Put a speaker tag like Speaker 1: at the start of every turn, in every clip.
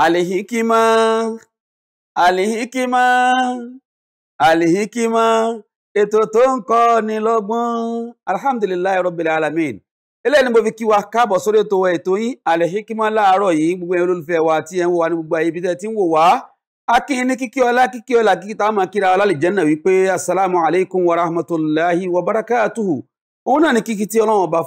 Speaker 1: alihikima alihikima alihikima ètò tó ń kọ́ ni lọ́gbọ́n alhamdulilayi rabbil alamin eléyìí ni mo fi kí wa káàbọ̀ sórí ètò ètò yín alihikima láàárọ̀ yìí gbogbo ẹ̀yin olólùfẹ́ wa tí ẹ ń wò wá ní gbogbo ayé ibi tẹ́ ti ń wò wá akíyín ní kíkí ọlá kíkí ọlá kíkí tá a máa kíra ọlá lè jẹ́ náà wípé asalaamu alaykum wa rahmatulahi wa barakatuhu òun náà ni kíkí tí ọlọ́run ọba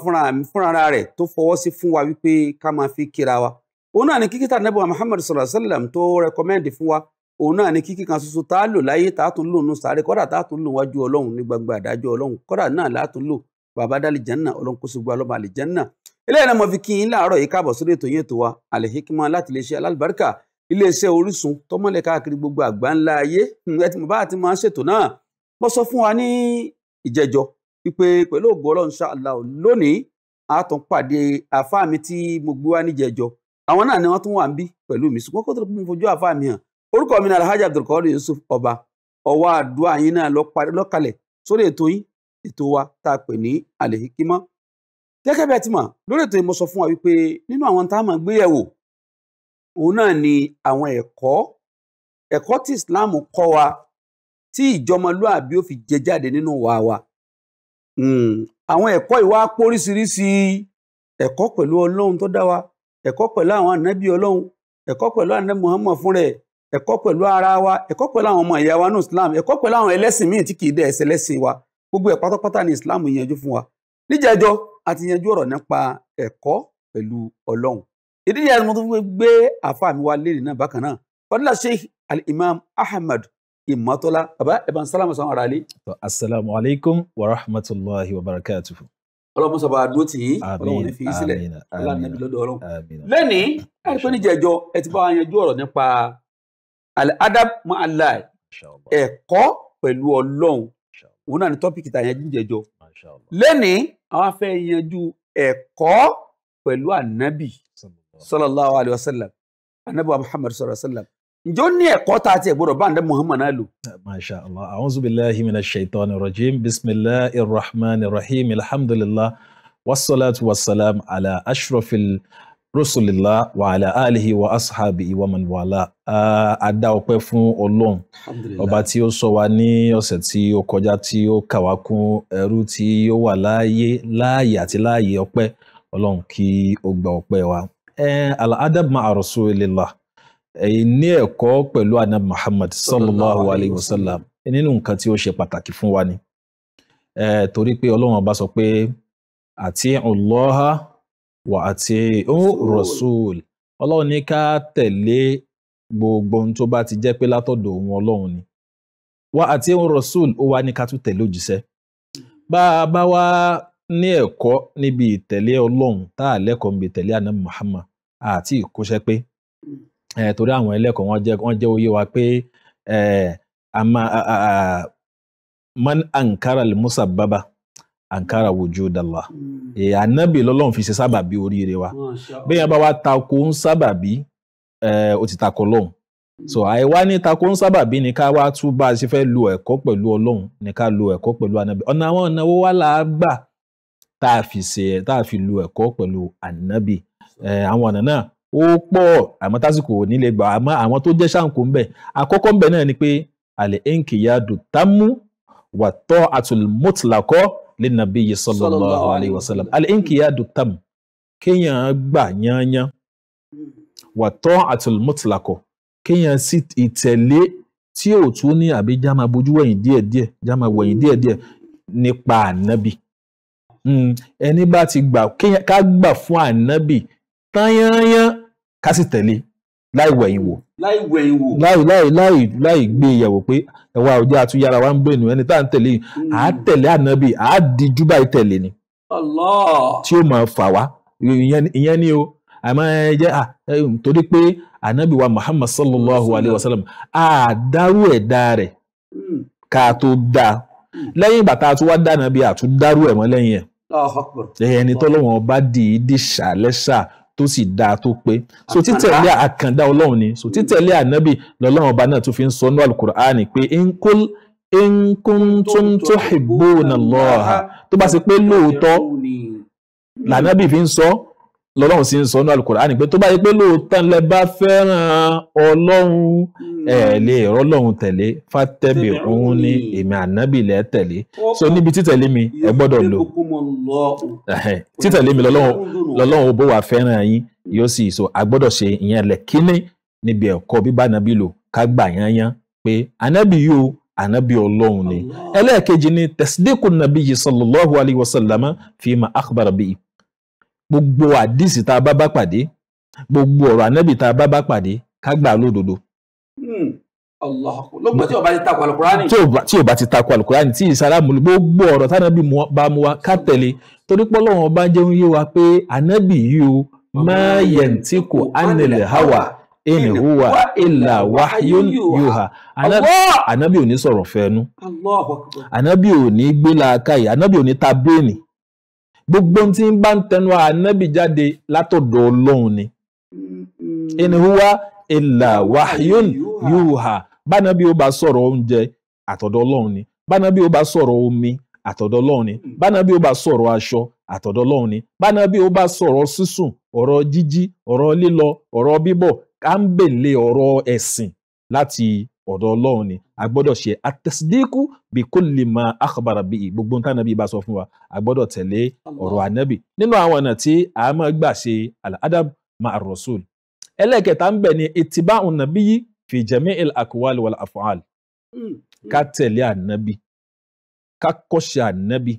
Speaker 1: fúnra rẹ̀ tó fọwọ́ sí fún wa wípé ká máa fi kíra wa òun náà ni kíkí tá nẹ́bùwà Muhammad sallallahu alaihi tó rẹkọmẹ́ndì fún wa òun náà ni kíkí kan ṣoṣo tá a lò láyé tá a tún lò nù sáré kọ́dà tá a tún lò wájú ọlọ́run ní gbangba àdájọ́ ọlọ́run kọ́dà náà là á tún lò bàbá dálì jẹ́nà ọlọ́run kó ṣùgbọ́n ọlọ́mọ àlè jẹ́nà eléyìí náà mo fi kí yín láàárọ̀ yìí káàbọ̀ sórí ètò yẹn tó wa Al-Hikmat láti iléeṣẹ́ alálùbáríkà iléeṣẹ́ Orísun tọ́mọ́lẹ̀ káàkiri gbogbo a tún pàdé àfáà mi tí àwọn náà ni wọ́n tún wà ń bí pẹ̀lú mi ṣùgbọ́n kó tó kún fojú àfa mi hàn orúkọ mi ni alhaji abdulkadir yusuf ọba ọwọ́ àdúrà yín náà lọ́kalẹ̀ sórí ètò yín ètò wa tá a pè ní alehikima gẹ́gẹ́ bẹ́ẹ̀ ti mọ̀ lórí ètò yìí mo sọ fún wa wípé nínú àwọn tá a máa gbé yẹ̀wò òun náà ni àwọn ẹ̀kọ́ ẹ̀kọ́ tí islam kọ́ wa tí ìjọmọlúàbí ó fi jẹ jáde nínú wa wa hmm, àwọn ẹ̀kọ́ ìwà póríṣiríṣi ẹ̀kọ́ pẹ̀lú ọlọ́run tó dá wa ẹ̀kọ́ pẹ̀lú àwọn ànábì ọlọ́run ẹ̀kọ́ pẹ̀lú ànábì Muhammad fún rẹ̀ ẹ̀kọ́ pẹ̀lú ara wa ẹ̀kọ́ pẹ̀lú àwọn ọmọ ìyá wa ní Islam ẹ̀kọ́ pẹ̀lú àwọn ẹlẹ́sìn míì tí kìí dẹ̀ ẹsẹ̀ lẹ́sìn wa gbogbo ẹ̀ pátápátá ni Islam yanjú fún wa níjẹjọ́ a ti yanjú ọ̀rọ̀ nípa ẹ̀kọ́ pẹ̀lú ọlọ́run ìdí ìyá mo tún fẹ́ gbé àfa mi wa léèrè náà bákan náà fadila Sheikh al-Imam Ahmad Imotola baba ibn salama
Speaker 2: sàmúra alẹ́. asalaamualeykum wa rahmatulahi wa barakatuhu ọlọ́run sọ̀bà àdúró tì yín ọlọ́run ní fi yín sílẹ̀ ọlọ́run níbi lọ́dọ̀ ọlọ́run.
Speaker 1: lẹ́nìí àìpé níjẹ̀jọ́ ẹ ti bá wa yanjú ọ̀rọ̀ nípa adab ma'alai ẹ̀kọ́ pẹ̀lú ọlọ́run òun náà ni tọ́pìkì tá a yanjú níjẹ̀jọ́ lẹ́nìí àwọn afẹ́ yanjú ẹ̀kọ́ pẹ̀lú ànábì sallallahu alayhi wa sallam ànábì wa muhammad sallallahu alayhi wa sallam ǹjọ́ ní ẹ̀kọ́ tá a ti ẹ̀gbọ́dọ̀ bá ǹdẹ́ Muhammad náà lò.
Speaker 2: Eh, masha allah a'udhu billahi minash shaitani rajim bismillahi rahmani rahim alhamdulillah wasalaatu wasalaam ala ashrafil rasulillah wa ala alihi wa ashabihi wa man wala a dá ọpẹ́ fún Ọlọ́run ọba tí ó sọ wa ní ọ̀sẹ̀ tí ó kọjá tí ó kà wá kún ẹrú tí ó wà láàyè láàyè àti láàyè ọpẹ́ Ọlọ́run kí ó gba ọpẹ́ wa. Eh, al adab ma'a rasulillah ní ẹ̀kọ́ pẹ̀lú anabi muhammad sallallahu alayhi wa sallam nínú nǹkan tí ó ṣe pàtàkì fún wa ni torí pé ọlọ́run ọba sọ pé àti ọlọ́ha wà àti rasul ọlọ́run ní ká tẹ̀lé gbogbo ohun tó bá ti jẹ́ pé látọ̀dọ̀ òun ọlọ́run ni wà àti rasul ó wá ní ká tún tẹ̀lé òjíṣẹ́ bá a bá wá ní ẹ̀kọ́ níbi ìtẹ̀lé ọlọ́run tá a lẹ́kọ̀ọ́ níbi ìtẹ̀lé anabi muhammad àti ìkóṣẹ́ pé eh, torí àwọn ẹlẹ́kọ̀ọ́ wọn jẹ́ wọ́n jẹ́ oyé wa pé eh, a man ankara Musa Baba ankara wujud Allah eh, hmm. anabi lọ́lọ́run fi ṣe sábàbí oríire wa bẹ́ẹ̀ bá wa tako ń sábàbí eh, ó ti tako lọ́hùn so hmm. àìwá ní tako ń sábàbí ni ká wá tún bá a ṣe fẹ́ lo ẹ̀kọ́ pẹ̀lú ọlọ́run ni ká lo ẹ̀kọ́ pẹ̀lú anabi ọ̀nà àwọn ọ̀nà wo wá là á gbà tá a fi ṣe tá a fi lo ẹ̀kọ́ pẹ̀lú anabi àwọn ọ̀nà náà ó pọ̀ àmọ́ tásìkò ò nílẹ̀ gbà àmọ́ àwọn tó jẹ́ ṣàǹkó ńbẹ̀ àkọ́kọ́ ńbẹ̀ náà ni pé àlẹ́ ẹ̀ǹkìyàdù támú wàtọ́ àtùmọ̀tìlákọ́ lẹ́nàbíyí sallallahu alayhi wa sallam àlẹ́ ẹ̀ǹkìyàdù támú kéèyàn gbà yányán wàtọ́ àtùmọ̀tìlákọ́ kéèyàn sì ìtẹ̀lé tí ò tún ní àbí já máa bójú wẹ̀yìn díẹ̀díẹ̀ já máa wẹ̀yìn díẹ̀díẹ̀ nípa ànábì hmm, ẹni bá ti gbà ká gbà fún ànábì tányányán ká sì tẹ̀lé láì wẹ̀yìn wò. láì wẹ̀yìn wò. láì láì láì láì gbé ìyàwó e pé ẹ̀wà òjá àtúnyára wa ń bẹ̀nu ẹni tá à ń tẹ̀lé yìí à hmm. á tẹ̀lé ànábì à á di júbà ìtẹ̀lé ni. Allah. tí ó máa fà wá ìyẹn ni o àmọ́ ẹ jẹ́ à torí pé ànábì wa Muhammad sallallahu alayhi wa sallam à dárú ẹ̀dá rẹ̀ hmm. ká tó dá hmm. lẹ́yìn bàtà tó wá dá ànábì àtúndárú ẹ̀ mọ́ lẹ́yìn
Speaker 1: ẹ̀ ẹni tọ́lọ́wọ́n
Speaker 2: bá dì í dì ṣàlẹ́ṣà tó sì dáa tó pé so títẹ̀lé àkàndá ọlọ́run ni so títẹ̀lé ànábì lọ́lọ́run ọba náà tó fi ń sọ ní alukur'ani pé nkul nkuntum tuhibbuna Allaha tó bá ṣe pé lóòótọ́ lànábì fi ń sọ lọ́lọ́run sì ń sọ ní Al-Qur'ani pé tó bá yẹ pé lóòótọ́ lẹ bá fẹ́ràn ọlọ́run hmm. ẹ̀ lè rọ́lọ́run tẹ̀lé fàtẹ́bì òun ní èmi ànábì lẹ́ tẹ̀lé so níbi títẹ̀lé mi ẹ gbọ́dọ̀ lò títẹ̀lé mi lọ́lọ́run ò bó wà fẹ́ràn yín hmm. yóò sì so a ṣe ìyẹn lẹ̀ kíní níbi ẹ̀kọ́ bíbá ànábì lò ká gbà yányán pé ànábì yóò ànábì ọlọ́run ni ẹlẹ́ẹ̀kejì ni tẹ̀sídẹ́kùn gbogbo àdìsí tá a bá bá pàdé gbogbo ọ̀rọ̀ ànábì tá a bá bá pàdé ká gbà lódodo.
Speaker 1: Hmm, lọ́gbọ̀n
Speaker 2: tí o bá ti takò alukurani. tí o bá ti takò alukurani tí ìsàlámù gbogbo ọ̀rọ̀ tánábì bá mu wa ká tẹ̀lé torí pọ́lọ́wọ́n bá jẹun yé wa pé ànábì yìí o máa yẹ̀ǹtì kò ánilẹ̀ hawa in huwa illa wahyun yuha anabi ò ní sọ̀rọ̀ fẹ́nu anabi ò ní gbé làákàyè anabi ò ní ta bẹ́ẹ̀nì gbogbo tí ń bá ń tẹnu ànábì jáde látọ̀dọ̀ ọlọ́run ni. Mm-hmm. in huwa illa wahyun yuha bánábì ó bá sọ̀rọ̀ oúnjẹ àtọ̀dọ̀ ọlọ́run ni bánábì ó bá sọ̀rọ̀ omi àtọ̀dọ̀ ọlọ́run ni bánábì ó bá sọ̀rọ̀ aṣọ àtọ̀dọ̀ ọlọ́run ni bánábì ó bá sọ̀rọ̀ sísùn ọ̀rọ̀ jíjí ọ̀rọ̀ lílọ ọ̀rọ̀ bíbọ̀ ká ọ̀rọ̀ ẹ̀sìn láti ọ̀dọ̀ ọlọ́run ni a gbọ́dọ̀ ṣe àtẹ̀sídíkù bí kò lè mọ àkàbàrà bíi gbogbo nǹkan ànábì bá sọ fún wa a gbọ́dọ̀ tẹ̀lé ọ̀rọ̀ ànábì nínú àwọn ọ̀nà tí a máa gbà ṣe al-adab ma'a ar-rasul ẹlẹ́ẹ̀kẹta ń bẹ̀ ni ittiba'u nabiyyi fi jami'il aqwal wal af'al hmm, hmm. ká tẹ̀lé ànábì ká kọ́ṣe ànábì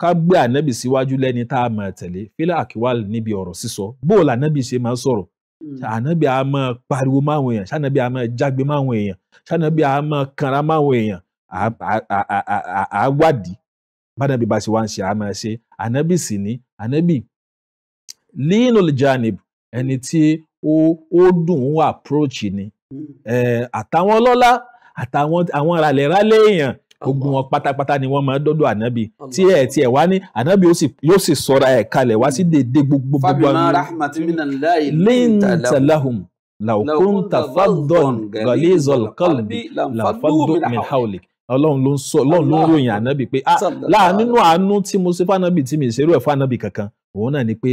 Speaker 2: ká gbé ànábì síwájú lẹ́ni tá a máa tẹ̀lé fílẹ̀ àkíwá níbi ọ̀rọ̀ sísọ bóòlù ànábì ṣe máa sọ̀rọ̀ Hmm. ànábì a máa pariwo máwọn èèyàn sànábì a máa jágbe máwọn èèyàn sànábì a máa kanra máwọn èèyàn a wádìí bàdàbí bá ṣe wá ń ṣe a máa ṣe ànábì sì ní ànábì lẹ́yìnlọ́lẹ̀ janib ẹni tí ó ó dùn ún approach ni hmm. àtàwọn ọlọ́lá àtàwọn àwọn ralẹ̀ ralẹ̀ èèyàn gbogbo wọn pátápátá ni wọ́n máa dọ́dọ̀ ànábì tí ẹ̀ tí ẹ̀ wá ní ànábì yóò sì sọra ẹ̀ kalẹ̀ wá sí hmm. dédé gbogbo gbogbo
Speaker 1: àwọn lintalahum
Speaker 2: law kunta faddan ghalizal qalbi lanfaddu min hawlik ló ń sọ ọlọ́run ló ń ròyìn ànábì pé ah, láàánú àánú tí mo ṣe fànábì tí mi ìṣerú ẹ̀ fànábì kankan òun náà ni pé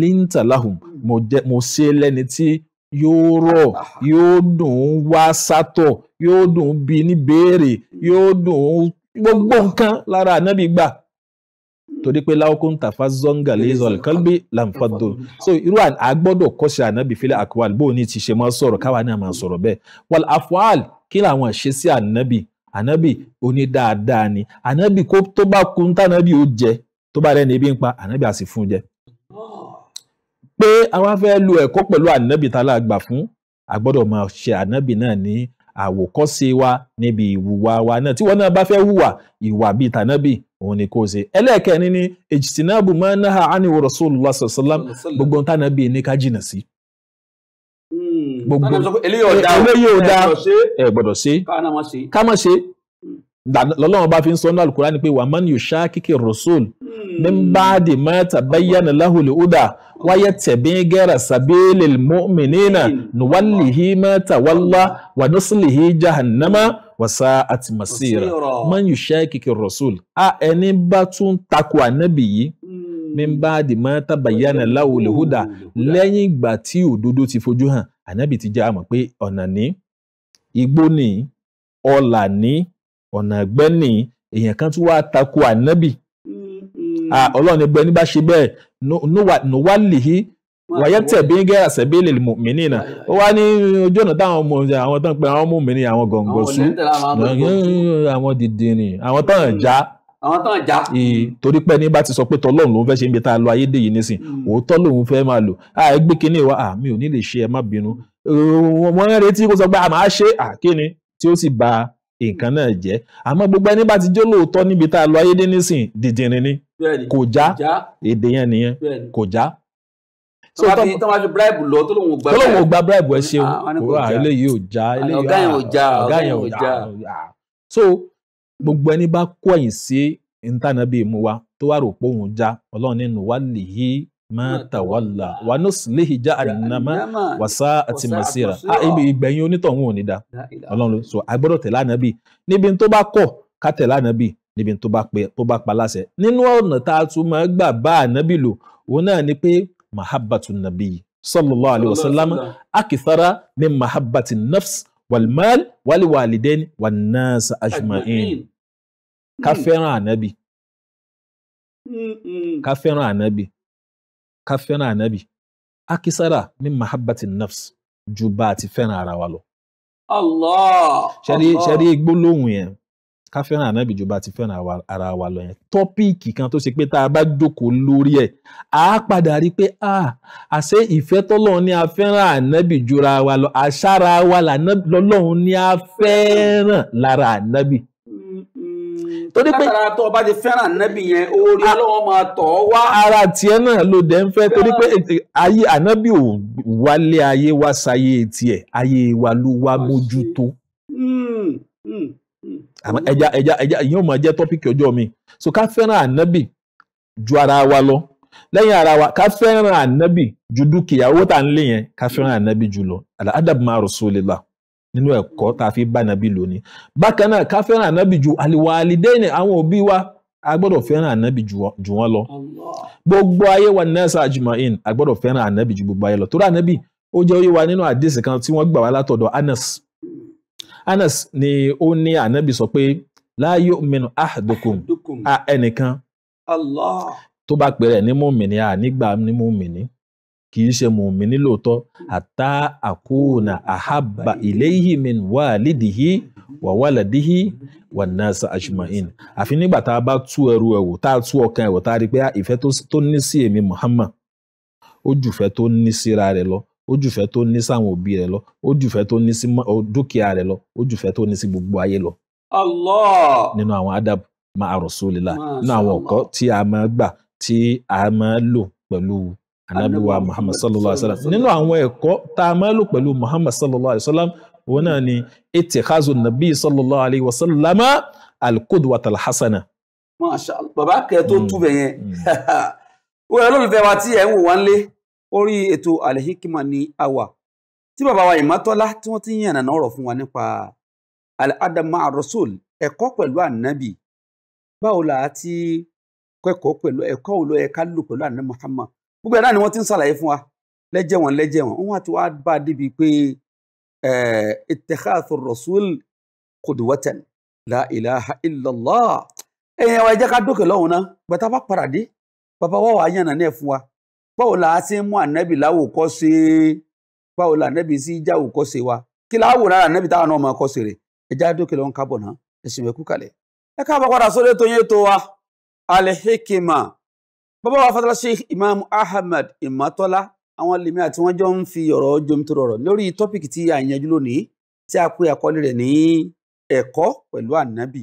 Speaker 2: lintalahum hmm. mo ṣe lẹ́ni tí yóò rọ̀ yóò dùn ún wá sátọ̀ yóò dùn ún bí ní béèrè yóò dùn ún gbogbo nǹkan lára ànábì gbà torí pé láwùkún tàfà zonga lẹ́zọ̀lì kálbí lànfàdùn so irú àgbọ́dọ̀ kọ́ṣẹ́ ànábì fílẹ̀ àkùwàl bó ní ti ṣe máa sọ̀rọ̀ káwa náà máa sọ̀rọ̀ bẹ́ẹ̀ wàl àfọ́àl kí làwọn ṣe sí ànábì ànábì oní dáadáa ni ànábì kó tó bá kun tànábì ó jẹ tó bá rẹ̀ ní ebi ń pa ànábì á jẹ pé àwa fẹ́ lo ẹ̀kọ́ pẹ̀lú ànábì tá a gbà fún a gbọ́dọ̀ máa ṣe ànábì náà ní àwòkọ́ṣe wa níbi ìwùwà wa náà tí wọ́n náà bá fẹ́ wùwà ìwà bíi tànábì òun ni kò ṣe ẹlẹ́ẹ̀kẹ́ni ní ejìtìnàbù máa ń náà àníwò rasulullah sallam gbogbo tànábì ní ká jìnà sí. Hmm. gbogbo eléyìí ò dáa ẹ gbọ́dọ̀ ṣe ká má ṣe hmm. lọ́lọ́run bá fi ń sọ ní alukurani pé wàmán yóò ṣá kíkẹ́ rasul. Mm min ba'di ma tabayyana lahu al-huda wa yattabi ghayra sabilil mu'minina nuwallihi ma tawalla wa nuslihi jahannama wa sa'at masira man yushakiki ar-rasul a ẹni bá tún takò ànábì yìí hmm. min ba'di ma tabayyana lahu al-huda lẹ́yìn ìgbà tí òdodo ti fojú hàn ànábì ti jẹ́ àmọ̀ pé ọ̀nà ní igbó ní ọ̀là ní ọ̀nà àgbẹ́ ní èèyàn kan tún wá takò ànábì Ah, hmm. ọlọ́run ní gbẹ́ni bá ṣe bẹ́ẹ̀ nùwálìhí wàyẹ tẹ̀bí gẹ́rà sẹ́bí lè mú mi nìyẹn ó wá ní ojú ọ̀nà táwọn ọmọ ọ̀sẹ̀ àwọn tó ń pe àwọn ọmọ mi ní àwọn gọ̀ǹgọ̀sù àwọn dìdìrìn àwọn tó ń hmm. já àwọn tó ń já. torí pé ní bá ti sọ pé tọlọ́run lòún fẹ́ ṣe ń bi tá a lo ayédèyí nísìn hmm. òótọ́ lòún fẹ́ máa lò á gbé kínní wa à mi ò ní lè ṣe ẹ má bínú wọ́n retí kó sọ pé a máa ṣe àkíní tí ó sì ba nǹkan náà jẹ́ àmọ́ gbogbo ẹni bá ti jẹ́ lóòótọ́ níbi tá a lọ ayé nísìn dìdìrín ni kò já èdè yẹn nìyẹn kò já.
Speaker 1: tó bá fi
Speaker 2: bíráìbù lọ tó lóun ò gba bíráìbù tó lóun ò gba eléyìí ah, ah, ò já ọ̀gá ò já ọ̀gá yẹn ò já ah. so gbogbo ẹni bá kọ̀yìn sí ntànàbí mu wa tó wà rò pé òun já ọlọ́run nínú wa lè yí máa tàwálà wà ní sílẹ̀hì já ànàmá wà sá àti màsíra ibi ìgbẹ̀yìn onítọ̀hún ò ní da ọlọ́run so agbọ́dọ̀ tẹ̀lé ànábì níbi tó bá kọ̀ ká tẹ̀lé ànábì níbi tó bá pè tó bá pa láṣẹ nínú ọ̀nà tá a tún máa gbà bá ànábì lò òun náà ni pé mahabbatu nabi sallallahu alayhi wa sallam akithara min nafs walmal waliwaliden wannas ajma'in ká fẹ́ràn ànábì
Speaker 1: mm, mm. ká
Speaker 2: fẹ́ràn ànábì ká fẹ́ràn ànábì akísára min mahabbati nafs ju bá a ti fẹ́ràn ara wa lọ.
Speaker 1: Allah. ṣẹ́rí ṣẹ́rí
Speaker 2: gbólóhùn yẹn ká fẹ́ràn ànábì ju bá a ti fẹ́ràn ara wa lọ yẹn tọ́píìkì kan tó ṣe pé tá a bá jókòó lórí ẹ̀ á padà rí i pé àṣé ìfẹ́ tọ́lọ́run ni a fẹ́ràn ànábì jura wa lọ àṣàrà wa lọ́lọ́run ni a fẹ́ràn lára ànábì
Speaker 1: torí pé látara tó ọba ti fẹ́ràn ànábì yẹn orí ọlọ́wọ́ máa tọ̀ ọ́
Speaker 2: wá. ara tiẹ̀ náà ló dẹ̀ ń fẹ́ torí pé ayé ànábì ò wálé ayé wá sáyé tiẹ̀ ayé wa ló wá mójútó.
Speaker 1: Hmm, hmm, hmm.
Speaker 2: ẹja ẹja ẹja ìyẹn ò máa jẹ́ tọ́pìkì ọjọ́ mi so ká fẹ́ràn ànábì ju ara wa lọ lẹ́yìn ara wa ká fẹ́ràn ànábì ju dúkìá owó tá à ń lé yẹn ká fẹ́ràn ànábì jù lọ al adab ma rasulillah nínú ẹ̀kọ́ tá a fi bá nàbí lónìí bákan náà ká fẹ́ràn ànábì ju àlìwàlídẹ́yìn àwọn òbí wa a gbọ́dọ̀ fẹ́ràn ànábì ju wọn lọ gbogbo ayé wa nẹ́ẹ̀sà àjùmọ̀in a gbọ́dọ̀ fẹ́ràn ànábì ju gbogbo ayé lọ torí ànábì ó jẹ́ oyé wa nínú àdìsí kan tí wọ́n gbà wá látọ̀dọ̀ Anas Anas ni ó ní ànábì sọ pé la yu'minu ahadukum ẹnìkan tó bá pẹ̀rẹ̀ ní mùmìnì à nígbà ní mùmìnì kì í ṣe mùmíní lóòótọ́ àtà àkúnà àhábà ilayhi min wàlídìhí wà wàlàdìhí wà nasa ajma'in àfi nígbà tá a bá tú ẹrù ẹ̀wò tá a tú ọkàn ẹ̀wò tá a rí pé ah, ìfẹ́ tó ní sí èmi Muhammad ó jùfẹ́ tó ní síra rẹ̀ lọ ó jùfẹ́ tó ní sáwọn òbí rẹ̀ lọ ó jùfẹ́ tó ní sí dúkìá rẹ̀ lọ ó jùfẹ́ tó ní sí gbogbo ayé lọ. nínú àwọn adab ma'a rasulillah nínú àwọn ọ̀kọ́ tí a máa gbà tí a máa lò pẹ̀lú anabiwa muhammad sallallahu alaihi wasallam nínú àwọn ẹ̀kọ́ tá a máa lò pẹ̀lú muhammad sallallahu alaihi wasallam òun náà ni itikhazu nabi sallallahu alaihi wasallam alqudwat alhasana. masha allah bàbá kẹ tó hmm. túbẹ̀ yẹn
Speaker 1: o yẹ lólùfẹ́ wa tí ẹ̀ ń wò wá nílé orí ètò alihikima ní àwà tí bàbá wa ìmọ̀tọ́lá tí wọ́n ti ń yànnà ọ̀rọ̀ fún wa nípa al rasul ẹ̀kọ́ pẹ̀lú ànábì báwo là á ti kẹ́kọ̀ọ́ pẹ̀lú ẹ̀kọ́ òun ló yẹ ká lò pẹ̀lú ànábì gbogbo ẹ̀dá ni wọ́n ti ń ṣàlàyé fún wa lẹ́jẹ̀ wọn lẹ́jẹ̀ wọn wọn ti wá bá a débi pé ittakhadhu rasul qudwatan la ilaha illallah ẹ̀yin ẹ̀wà ẹ̀jẹ̀ ká dókè lọ́hùn náà gbẹ̀tà bá padà dé bàbá wa wàá yànnà náà fún wa báwo la ṣe mú ànábì láwòkọ́ṣe báwo la ànábì sí jáwòkọ́ṣe wa kí láwò lára ànábì táwọn náà máa kọ́ṣe rẹ̀ ẹ̀jẹ̀ àdókè lọ́hùn kábọ̀ náà ẹ̀sìn ẹ̀kú kalẹ̀ ẹ káàbọ̀ padà sórí ètò yẹn tó wa Al Hikmat bàbá wa fatala sheikh imam ahmed imatola àwọn lèmi àti wọn jọ ń fi ọ̀rọ̀ jomitoro ọ̀rọ̀ lórí tọ́pìkì tí a yanjú lónìí tí a pè àkọlé rẹ̀ ní ẹ̀kọ́ pẹ̀lú ànábì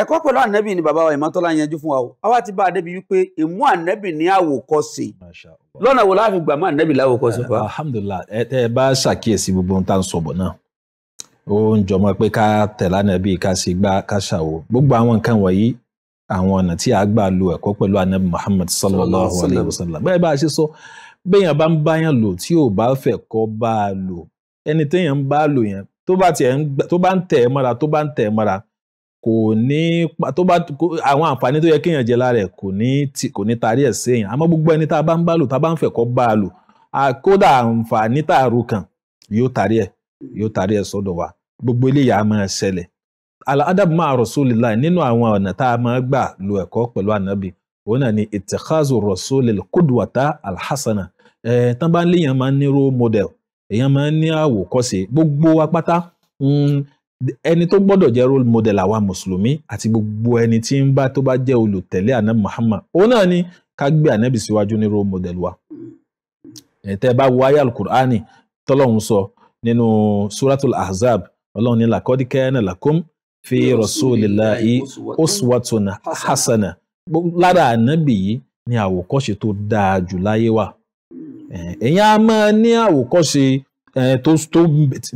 Speaker 1: ẹ̀kọ́ pẹ̀lú ànábì ni bàbá wa ìmọ́tọ́lá yanjú fún wa o àwa ti bá a débi wípé ìmú ànábì ní àwòkọ́ṣe lọ́nà wo láàfin gbà má ànábì
Speaker 2: láwòkọ́ṣe fa. Eh, alhamdulillah ẹ tẹ ẹ bá ṣàkíyèsí gbogbo ohun tá à ń sọ bọ̀ náà ó ń jọmọ pé ká tẹ̀lé ànábì ká sì gbá ká ṣàwò gbogbo àwọn nǹkan wọ̀nyí àwọn ọ̀nà tí a gbà lo ẹ̀kọ́ pẹ̀lú anabi muhammad sallallahu alayhi wa sallam bẹ́ẹ̀ bá a ṣe sọ béèyàn bá ń báyàn lò tí ò bá fẹ́ kọ́ bá a lò ẹni téèyàn ń bá a lò yẹn tó bá tiẹ̀ tó bá ń tẹ̀ ẹ́ mọ́ra tó bá ń tẹ̀ ẹ́ mọ́ra kò ní tó bá àwọn àǹfààní tó yẹ kéèyàn jẹ lára ẹ̀ kò ní kò ní séèyàn àmọ́ gbogbo ẹni tá a bá ń bá lò tá a bá ń fẹ́ kọ́ bá a lò kódà àǹfààní tààrù kan yóò tarí ẹ̀ yóò tarí ẹ̀ sọ́dọ̀ wa gbogbo eléyàá máa ṣẹlẹ̀ al-adab ma'a rasulillah nínú àwọn ọ̀nà tá a máa gbà lo ẹ̀kọ́ pẹ̀lú ànábì òun náà ni ittikhazu rasulil qudwata alhassana ẹ̀ tán bá ń léèyàn máa ń ní role model èèyàn máa ń ní àwòkọ́ṣe gbogbo apáta hmm, ẹni tó gbọ́dọ̀ jẹ́ role model àwa mùsùlùmí àti gbogbo ẹni tí ń bá tó bá jẹ́ olùtẹ̀lé ànábì Muhammad òun náà ni ká gbé ànábì síwájú ní role model wa tẹ́ bá wo ayé alukur'ani tọ́lọ́hún sọ nínú suratul ahzab ọlọ́run ní làkọ́dí kẹ́ẹ́nà làkóm fi rasulillahi uswatun hasana lára ànábì yìí ni àwòkọ́ṣe tó dáa jù láyé wa èèyàn a máa ní àwòkọ́ṣe tó tó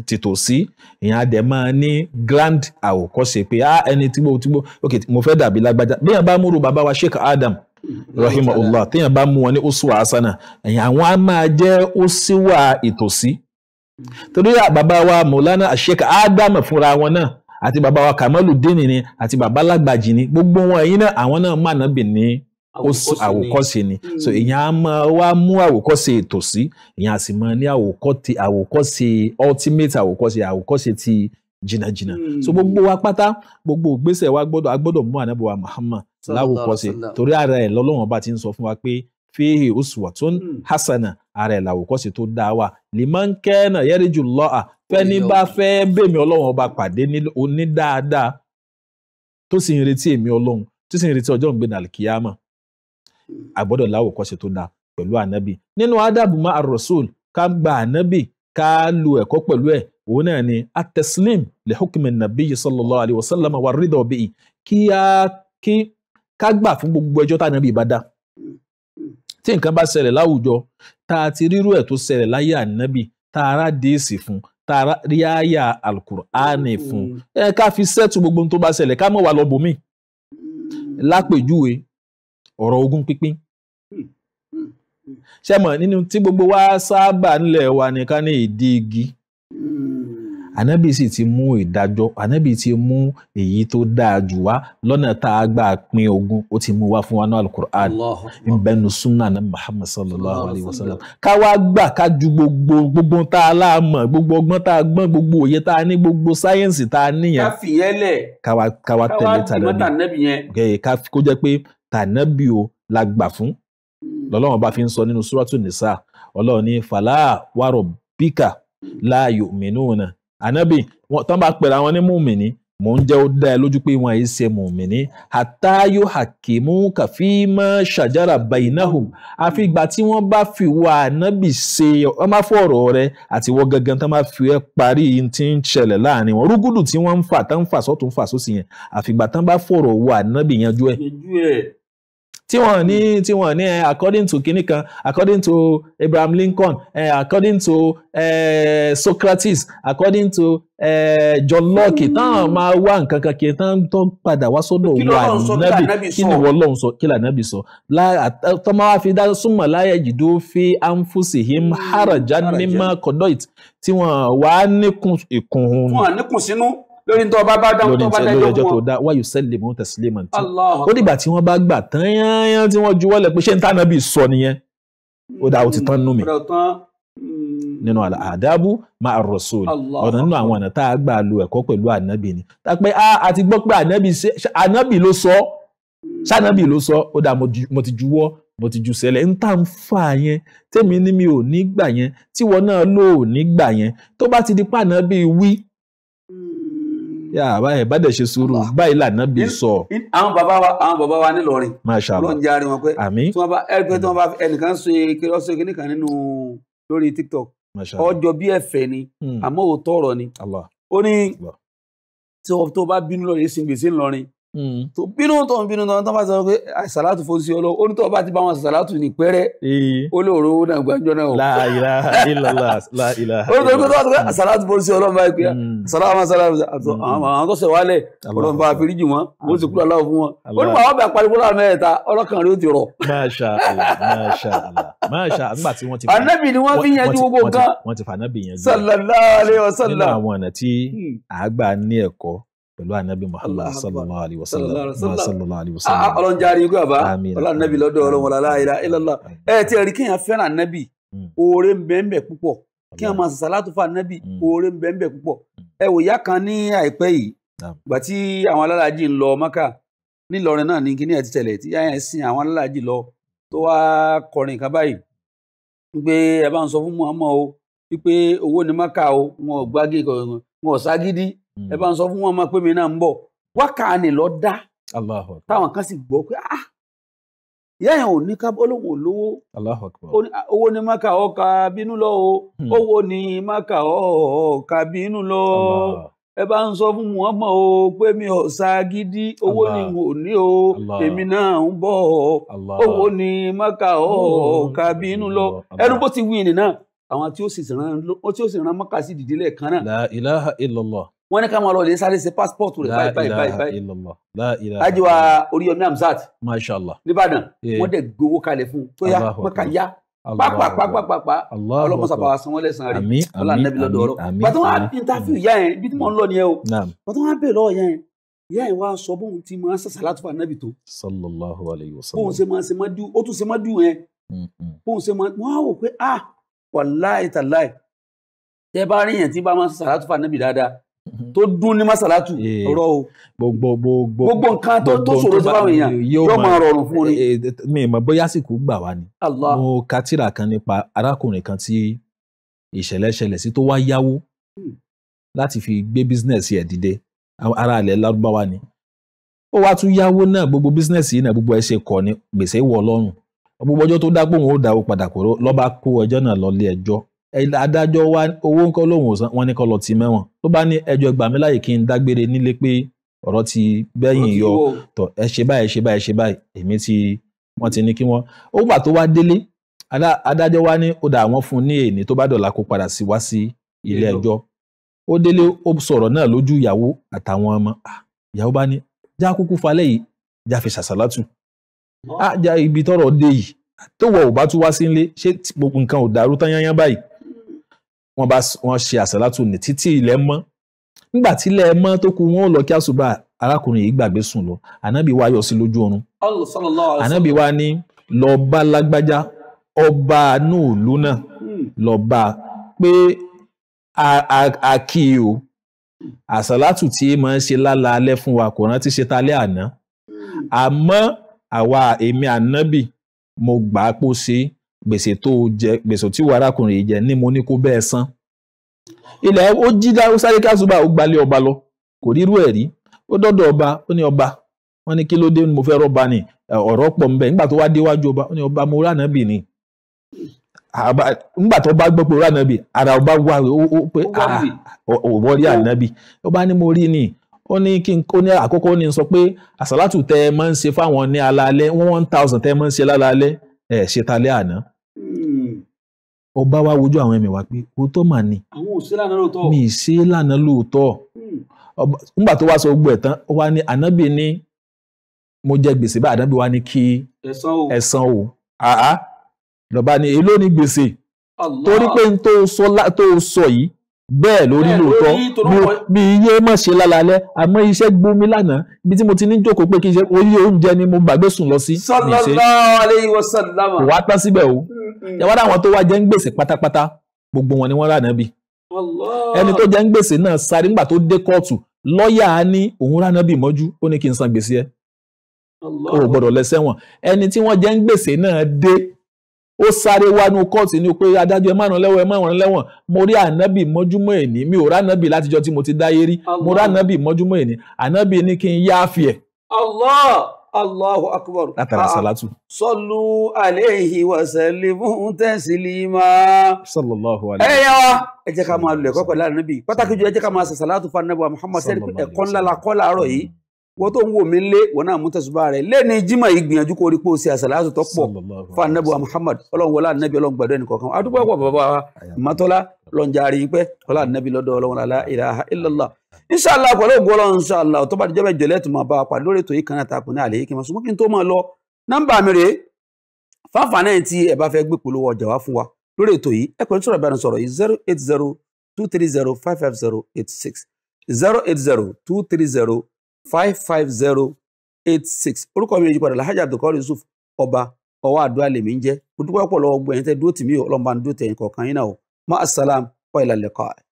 Speaker 2: tètò sí èèyàn a dẹ̀ máa ní grand àwòkọ́ṣe pé á ah, ẹni tí mo tí mo ok mo fẹ́ dàbí lágbájá béèyàn bá múrò bàbá wa sheikh adam hmm. rahimahullah téèyàn bá mú wọn ní uswa hasana èèyàn àwọn a máa jẹ́ usiwa ìtòsí hmm. torí bàbá wa maulana sheikh adam fúnra wọn náà àti bàbá wa Kamaluddin ni àti bàbá Lágbàjì ni gbogbo wọn ẹ̀yin náà àwọn náà mà náà bì ní àwòkọ́ṣe ni hmm. so ìyẹn á máa wá mú àwòkọ́ṣe tòsí ìyẹn á sì máa ní àwòkọ́ṣe ultimate àwòkọ́ṣe àwòkọ́ṣe ti jìnnàjìnnà hmm. so gbogbo wa pátá gbogbo ògbésẹ̀ wa gbọ́dọ̀ agbọ́dọ̀ mú ànábì wa Muhammad láwòkọ́ṣe torí ara ẹ̀ lọ́lọ́run ọba ti ń sọ fún wa pé fíhì uswatun hmm. hasana ara ẹ̀ làwòkọ́sí tó dá wa liman kana yarju Allaha fẹ́ni bá fẹ́ bèmí ọlọ́run ọba pàdé ní dáadáa tó sì ń retí èmi ọlọ́run tó sì ń retí ọjọ́ ìgbéná alikiyama àgbọ́dọ̀ láwòkọ́sí tó dá pẹ̀lú ànábì nínú adabu ma ar-rasul ká gba ànábì ká lu ẹ̀kọ́ pẹ̀lú ẹ̀ òun náà ni atẹ́sílẹ̀m lè hókìmẹ̀ nàbíyí sallallahu alaihi ká gbà fún gbogbo ẹjọ́ tá ànábì bá dá tí nǹkan bá ṣẹlẹ̀ láwùjọ tá a ti rírú ẹ̀ tó ṣẹlẹ̀ láyé ànábì tá a rádìísì fún tá a rí àyà alukur'ani fún ẹ ká fi sẹ́tù gbogbo tó bá ṣẹlẹ̀ ká mọ̀ wá lọ bòmí. lápèjúwe ọ̀rọ̀ ogún pínpín ṣẹ́mọ̀ nínú tí gbogbo wa sábà ńlẹ̀ wa nìkan ní ìdí igi ànábì sì ti mú ìdájọ́ ànábì ti mú èyí tó dáa jù wá lọ́nà tá a gbà pín ogún ó ti mú wá fún wa náà alukur'an ìbẹnu sunna ní muhammad sallallahu alayhi wa sallam ká wá gbà ká ju gbogbo gbogbo tá a láàmọ̀ gbogbo ọgbọ́n tá a gbọ́n gbogbo òye tá a ní gbogbo sáyẹ́ǹsì tá a níyẹn ká fìyẹn lẹ̀ ká wá tẹ̀lé tànábì yẹn kó jẹ́ pé tànábì o la gbà fún hmm. lọ́lọ́run bá fi ń sọ nínú súrọ́tù nìsà ọlọ́run ní fàlà wàrọ̀ bíkà láàyò mìíràn ànábì wọn tán bá pèrè àwọn ní mùmìnì mò ń jẹ́ ó dá ẹ lójú pé wọn yìí ṣe mùmìnì àtayọ hakimu kàfíìmọ ṣàjára bainahum àfi ìgbà tí wọ́n bá fi wà ànábì ṣe wọ́n bá fọ̀rọ̀ rẹ̀ àti wọ́n gangan tán bá fi ẹ parí ti ń ṣẹlẹ̀ láàrin wọn rúgùdù tí wọ́n ń fà tán ń fà sọ́tún fà sósì yẹn àfi ìgbà tán bá fọ̀rọ̀ wà ànábì yanjú ẹ̀ tí wọ́n ní tí wọ́n ní eh, according to kinní kan according to Abraham Lincoln eh, according to eh, Socrates according to eh, John Locke hmm. táwọn máa wá nǹkan kan kiri táwọn tó padà wá sọ́dọ̀ wà nábì kí ni wọ́n lọ́hùn sọ kí lànàbì sọ tọ́mọ wa fi dá súnmọ́ láyé jìdó fi anfusi him hmm, harajan mímọ́ conduit tí wọ́n wá níkùn ìkùn. fún àníkùn sínú lórí tó bá bá dáhùn tó bá dáhùn lórí ẹjọ́ tó dá wáyù sẹ́lẹ̀ mọ́ tẹ̀sílẹ̀ mọ́ tí ó dìgbà tí wọ́n bá gbà tán yányán tí wọ́n juwọ́ lẹ̀ pé ṣé n tànà bíi sọ nìyẹn ó dà ó ti mi mm, mm. nínú àdábù máa rọ̀sọ̀lì ọ̀nà nínú àwọn ọ̀nà tá a gbà lo ẹ̀kọ́ pẹ̀lú ànábì ni tá a pé ah, a ti gbọ́ pé ànábì ló sọ mm. ṣànábì ló sọ ó dà mo ti juwọ́ mo ti ju sẹ́lẹ̀ ń tà ń fà yẹn tèmi ni mi ò ní gbà yẹn tíwọ náà ló ò ní gbà yẹn tó bá ti di pàànà bíi wí bá dẹ̀ ṣe sùúrù báyìí lànà bí sọ.
Speaker 1: àwọn bàbá wa àwọn bàbá wa nílọrin
Speaker 2: lọ́n jarí wọn pé tí wọ́n bá ẹgbẹ́ tí wọ́n bá
Speaker 1: ẹnìkan ṣe ọ̀ṣọ́ kìíní kan nínú lórí tiktok ọjọ́ bí ẹ̀fẹ̀ ni hmm. àmọ́ òótọ́ ọ̀rọ̀ ni ó ní tí wọ́n tó bá bínú lọ́rin èsì gbèsè ńlọrin tó hmm. bínú tó ń bínú tó ń bá sọ pé àìsàlátù fò sí ọlọ onítọ̀ bá ti bá wọn sàlátù ní pẹ́rẹ́ olóòrò owó náà gbàjọ náà. láìlá ìlọlá
Speaker 2: láìlá. olùdókòwò
Speaker 1: tó wà sọ pé àìsàlátù fò sí ọlọ́mọ báyìí pé àìsàlátù hmm. máa sàlátù hmm. àtọ àwọn tó sẹ̀ wálẹ̀ ọlọ́mọ bá fìrí jù wọn ó sì kúrò aláwọ̀ fún wọn. olùmọ̀ àwọn bẹ̀ pariwo láwọn mẹ́ta ọlọ́kàn rẹ̀ ó ti rọ̀.
Speaker 2: máṣà Allah máṣà Allah máṣà nígbà tí wọ́n ti. ànábì ni wọ́n fi yanjú gbogbo nǹkan. wọ́n ti fa ànábì yanjú. sallallahu alaihi wasallam. nínú àwọn ọ̀nà tí àgbà ní ẹ̀kọ́ pẹ̀lú ànábì muhammad sallallahu alayhi wa sallam sallallahu alayhi wa sallam.
Speaker 1: ọlọ́run jaari igun àbá
Speaker 2: ọlọ́run ànábì lọ́dọ̀ ọlọ́run wàlá láàyè ilàlá
Speaker 1: ẹ ti rí kéèyàn fẹ́ràn ànábì hmm. oore mbẹ́mbẹ́ púpọ̀ kéèyàn máa sàlátù fún ànábì hmm. oore mbẹ́mbẹ́ púpọ̀ hmm. ẹ wò ya kan ní àìpẹ́ yìí gbà tí àwọn alálàájì ń lọ mọ́kà nílọrin náà ní kíní tẹ̀lẹ̀ yáyà sin àwọn lọ tó wá kọrin kan báyìí ẹ bá ń sọ fún muhammad o ẹ bá ń sọ fún wọn máa pé mi náà ń bọ̀ wákà ni lọ dá táwọn kan sì gbọ́ pé ah ìyá yẹn ò ní ká ah, maka bínú lọ o hmm. owó maka bínú lọ ẹ bá ń sọ fún o pé mi ò sa gidi owó ni n ò ní o èmi náà ń O owó maka bínú lọ ẹnu bó ti wí àwọn tí ó sì maka sí
Speaker 2: la ilaha illallah.
Speaker 1: wọ́n ní ká máa lọ lè sáré ṣe passport rẹ̀ báyìí báyìí báyìí
Speaker 2: báyìí ajé
Speaker 1: wa Oríyọmí Hamzat nìbàdàn eh. wọ́n dẹ̀ gbowó kalẹ̀ fún tó yá pé ká yá pápápápápá ọlọ́mọsàbà wa sanwó lẹ́sàn-án rẹ̀ ọlá nẹ́bí lọ́dọ̀ ọ̀rọ̀ pàtó wọn á interview ìyá yẹn ibi tí mò ń lọ nìyẹn o pàtó wọn á bèèrè lọ́wọ́ ìyá yẹn ìyá yẹn wá sọ bóun ti máa ń sàṣà láti fà nẹ́bì tó bóun ṣe máa ṣe máa dú ó tún ṣe máa dú yẹn mm, mm. bóun ṣe máa wọ́n á wò pé ah wàláì tàláì tẹ bá
Speaker 2: Mm-hmm. tó dún
Speaker 1: ní masalatu eh. ọ̀rọ̀ o
Speaker 2: gbogbo gbogbo gbogbo nǹkan tó tó ṣòro sí báwọn èèyàn yóò máa rọrùn fún ni. Eh, eh, mi mọ̀ bóyá àsìkò gbà wá ni mo ka tírà kan nípa arákùnrin kan tí ìṣẹ̀lẹ̀ ṣẹlẹ̀ sí tó wá yáwó hmm. láti fi gbé bísínẹsì ẹ̀ dìde ara ilẹ̀ lárúbáwá ni ó wá tún yáwó náà gbogbo bísínẹsì náà gbogbo ẹ̀ ṣe kọ́ ni gbèsè wọ̀ lọ́rùn gbogbo ọjọ́ tó dá gbóhùn ó dáwó padà kúrò lọ́ba kó ọjọ́ náà lọ lé ẹjọ́ adájọ́ wa owó ńkọ́ lòun ò san wọ́n ní kó lọ tì mẹ́wọ̀n tó bá ní ẹjọ́ gbà mí láyè kí n dágbére nílé pé ọ̀rọ̀ ti bẹ́yìn yọ tọ̀ ẹ ṣe báyìí ẹ ṣe báyìí ẹ ṣe báyìí èmi ti wọ́n ti ní kí wọ́n ó gbà tó wá délé adájọ́ wa ní ó dà wọ́n fún ní èní tó bá dọ̀la kó padà sí wá sí ilé ẹjọ́ ó délé ó sọ̀rọ̀ náà lójú ìyàwó àtàwọn ọmọ ìyàwó bá ní já kúkú falẹ̀ yìí já fi ṣàṣàlátù á já ibi tọ́rọ̀ dé yìí tó wọ ò bá tún wá sí ilé ṣé nǹkan ò dàrú tán yányán báyìí wọ́n bá wọ́n ṣe àsálàtù ní títí ilẹ̀ mọ́ nígbà tí ilẹ̀ mọ́ tó kù wọ́n lọ kí àṣùbà arákùnrin yìí gbàgbé sùn lọ ànábì wa yọ sí lójú oorun ànábì wa ní lọ lágbájá ọba núùlú náà hmm. lọ pé a kí i o àsálàtù tí máa ń ṣe lálaalẹ́ fún wa kò rántí ṣe talẹ́ àná hmm. àmọ́ àwa èmi ànábì mo gbà á pò ṣe é gbèsè tó jẹ gbèsè tí wọ arákùnrin yìí jẹ ni mo ní kó bẹ́ẹ̀ san ilẹ̀ ó jí sáré kásùbà ó gbalẹ̀ ọba lọ kò rírú ẹ̀ rí ó dọ́dọ̀ ọba ó ní ọba wọ́n ní kí ló dé mo fẹ́ rọ́ba ni ọ̀rọ̀ pọ̀ nbẹ nígbà tó wá déwájú ọba ó ní ọba mo rà nábì ni nígbà tó bá gbọ́ pé rà nábì ara ọba wà ó pé ọwọ́ ah, rí ànábì ọba ni mo rí ni ó ní kí n ó ní àkókò ó ní sọ pé àsálàtù tẹ máa ń ṣe fáwọn ní alaalẹ́ one thousand tẹ ẹ máa ń ṣe lálaalẹ́ ẹ ṣe talẹ́ àná ọba hmm. wa wojú àwọn ẹ̀mí wa pé òótọ́ mà ni mi ṣe lànà lóòótọ́ hmm. nígbà tó wá sọ gbogbo ẹ̀ tán ó wá ní ànábì ní mo jẹ gbèsè bá ànábì wá ní kí ẹ o lọ́ba ni èló ni gbèsè torí pé n tó sọ yìí bẹ́ẹ̀ lórí lóòótọ́ bí iye mọ̀ ṣe lálálẹ́ àmọ́ iṣẹ́ gbomi lánàá ibi tí mo ti ní jókòó pé kí n ṣe orí oúnjẹ ni mo gbàgbé sùn lọ sí. sallallahu alayhi wa sallam. kò wá tán síbẹ̀ o yàrá àwọn tó wá jẹ́ ń gbèsè pátápátá gbogbo wọn ni wọ́n rà nábì. ẹni tó jẹ́ ń gbèsè náà sáré nígbà tó dé kóòtù lọ́ọ̀yà á ní òun rà nábì mọ́jú ó ní kí n san gbèsè ẹ. o gbọ́dọ̀ lẹ́sẹ̀ wọn ẹni tí wọ́n jẹ́ ó sáré wá nu kóòtù ni pé adájọ́ ẹ má ràn lẹ́wọ̀n ẹ má ràn lẹ́wọ̀n mo rí ànábì mọ́júmọ́ ẹ̀ní mi ò rá ànábì látijọ́ tí mo ti dáyé rí mo rá ànábì mọ́júmọ́ ẹ̀ní ànábì ní kí n yá fi ẹ̀.
Speaker 1: Allah Allahu
Speaker 2: akbar. látara ah, salatu.
Speaker 1: sọlù aleyhi wa sallimu taslima. sallallahu alayhi. ẹyà wa ẹ jẹ́ ká máa lo ẹ̀kọ́ pẹ̀lú ànábì pátákì jù ẹ jẹ́ ká máa ṣe salatu fún ànábì wa Muhammad sẹ́ni ẹ̀kọ́ ńlá la kọ́ láàárọ̀ yìí wọ́n tó ń wò mí lé wọ́n náà mú tẹ̀sùbá rẹ̀ lẹ́ni jimá yìí gbìyànjú kó rí pé ṣe àṣàlásù tó pọ̀ fún anabi muhammad ọlọ́run wọlé anabi ọlọ́run gbàdúrà ẹnìkan kan adúgbò ọ̀pọ̀ bàbá wa mọ́tọ́lá lọ́n jaari pẹ́ ọlọ́run anabi lọ́dọ̀ ọlọ́run alá ilaha illallah inshallah pẹ̀lú ògùn ọlọ́run inshallah tó bá di jọ́bẹ̀ jọlẹ́ tó máa bá a pàdé lórí ètò yìí kan náà takùn ní àlè yìí kí n sọ kí n tó máa lọ nọ́mbà ẹ pẹ̀lú sọ̀rọ̀ ìbára yìí zero eight zero two three zero five five zero eight six zero eight zero two three zero five five zero eight six orúkọ mi yìí padà Alhaji Abdulkadir Yusuf ọba ọwọ́ àdúrà lèmi ń jẹ́ mo dúpẹ́ pọ̀ lọ́wọ́ gbọ́ ẹ̀yin tẹ́ dúró tì mí o ọlọ́mọba ń dúró tẹ̀yìn kọ̀ọ̀kan yín náà o má asalaam wa ilà liqa.